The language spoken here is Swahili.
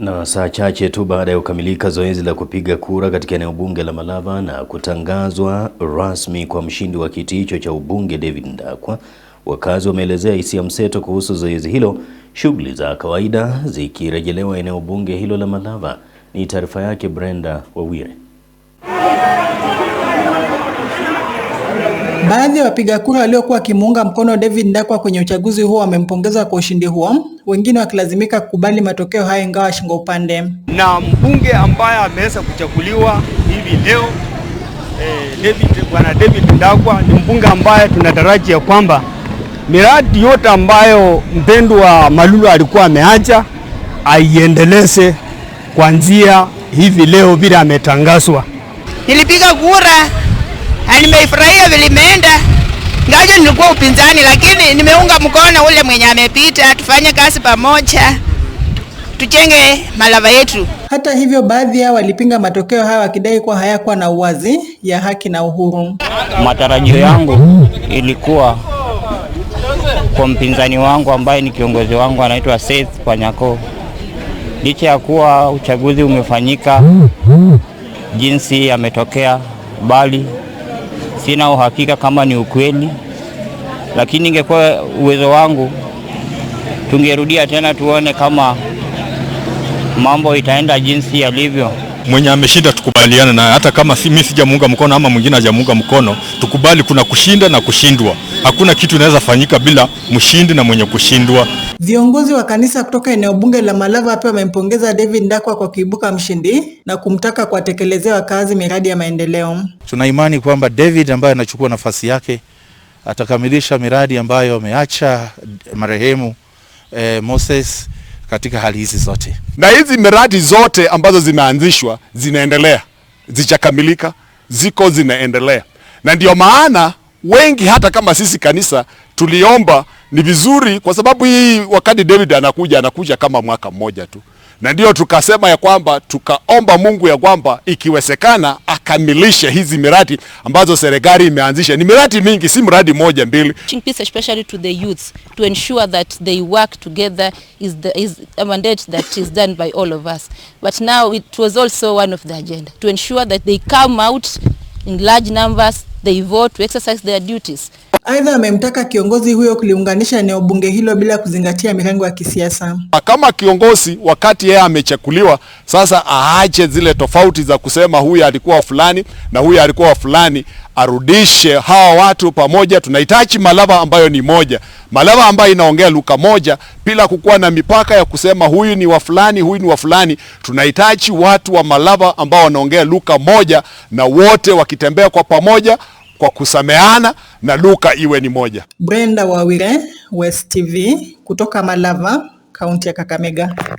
Na saa chache tu baada ya kukamilika zoezi la kupiga kura katika eneo bunge la Malava na kutangazwa rasmi kwa mshindi wa kiti hicho cha ubunge David Ndakwa, wakazi wameelezea hisia mseto kuhusu zoezi hilo, shughuli za kawaida zikirejelewa eneo bunge hilo la Malava. Ni taarifa yake Brenda Wawire. Baadhi ya wapiga kura waliokuwa wakimuunga mkono David Ndakwa kwenye uchaguzi huo wamempongeza kwa ushindi huo, wengine wakilazimika kukubali matokeo hayo ingawa shingo upande. Na mbunge ambaye ameweza kuchaguliwa hivi leo eh, David, bwana David Ndakwa ni mbunge ambaye tunatarajia kwamba miradi yote ambayo mpendo wa Malulu alikuwa ameacha aiendeleze kwa njia hivi leo vile ametangazwa. Nilipiga kura na nimeifurahia vilimeenda, ngaja nilikuwa upinzani, lakini nimeunga mkono ule mwenye amepita. Tufanye kazi pamoja, tujenge Malava yetu. Hata hivyo, baadhi yao walipinga matokeo hayo wakidai kuwa hayakuwa na uwazi ya haki na uhuru. Matarajio yangu ilikuwa kwa mpinzani wangu ambaye ni kiongozi wangu anaitwa Seth Panyako, licha ya kuwa uchaguzi umefanyika jinsi yametokea, bali Sina uhakika kama ni ukweli, lakini ingekuwa uwezo wangu tungerudia tena tuone kama mambo itaenda jinsi yalivyo. Mwenye ameshinda tukubaliane na hata kama si mimi sijamuunga mkono ama mwingine hajamuunga mkono, tukubali kuna kushinda na kushindwa. Hakuna kitu inaweza fanyika bila mshindi na mwenye kushindwa. Viongozi wa kanisa kutoka eneo bunge la Malava pia wamempongeza David Ndakwa kwa kuibuka mshindi na kumtaka kuwatekelezea wakazi miradi ya maendeleo. Tuna imani kwamba David ambaye anachukua nafasi yake atakamilisha miradi ambayo ameacha marehemu eh, Moses katika hali hizi zote, na hizi miradi zote ambazo zimeanzishwa zinaendelea, zichakamilika, ziko zinaendelea, na ndio maana wengi hata kama sisi kanisa tuliomba ni vizuri, kwa sababu hii wakati David anakuja anakuja kama mwaka mmoja tu na ndio tukasema ya kwamba tukaomba Mungu ya kwamba ikiwezekana akamilishe hizi miradi ambazo serikali imeanzisha. Ni miradi mingi, si mradi moja mbili. Piece especially to the youths to ensure that they work together is the, is a mandate that is done by all of us but now it was also one of the agenda to ensure that they come out in large numbers they vote to exercise their duties Aidha, amemtaka kiongozi huyo kuliunganisha eneo bunge hilo bila kuzingatia mirengo ya kisiasa. Kama kiongozi, wakati yeye amechakuliwa, sasa aache zile tofauti za kusema huyu alikuwa fulani na huyu alikuwa fulani, arudishe hawa watu pamoja. Tunahitaji Malava ambayo ni moja, Malava ambayo inaongea lugha moja bila kukuwa na mipaka ya kusema huyu ni wa fulani, huyu ni wa fulani. Tunahitaji watu wa Malava ambao wanaongea lugha moja na wote wakitembea kwa pamoja kwa kusameana na luka iwe ni moja. Brenda Wawire, West TV, kutoka Malava, kaunti ya Kakamega.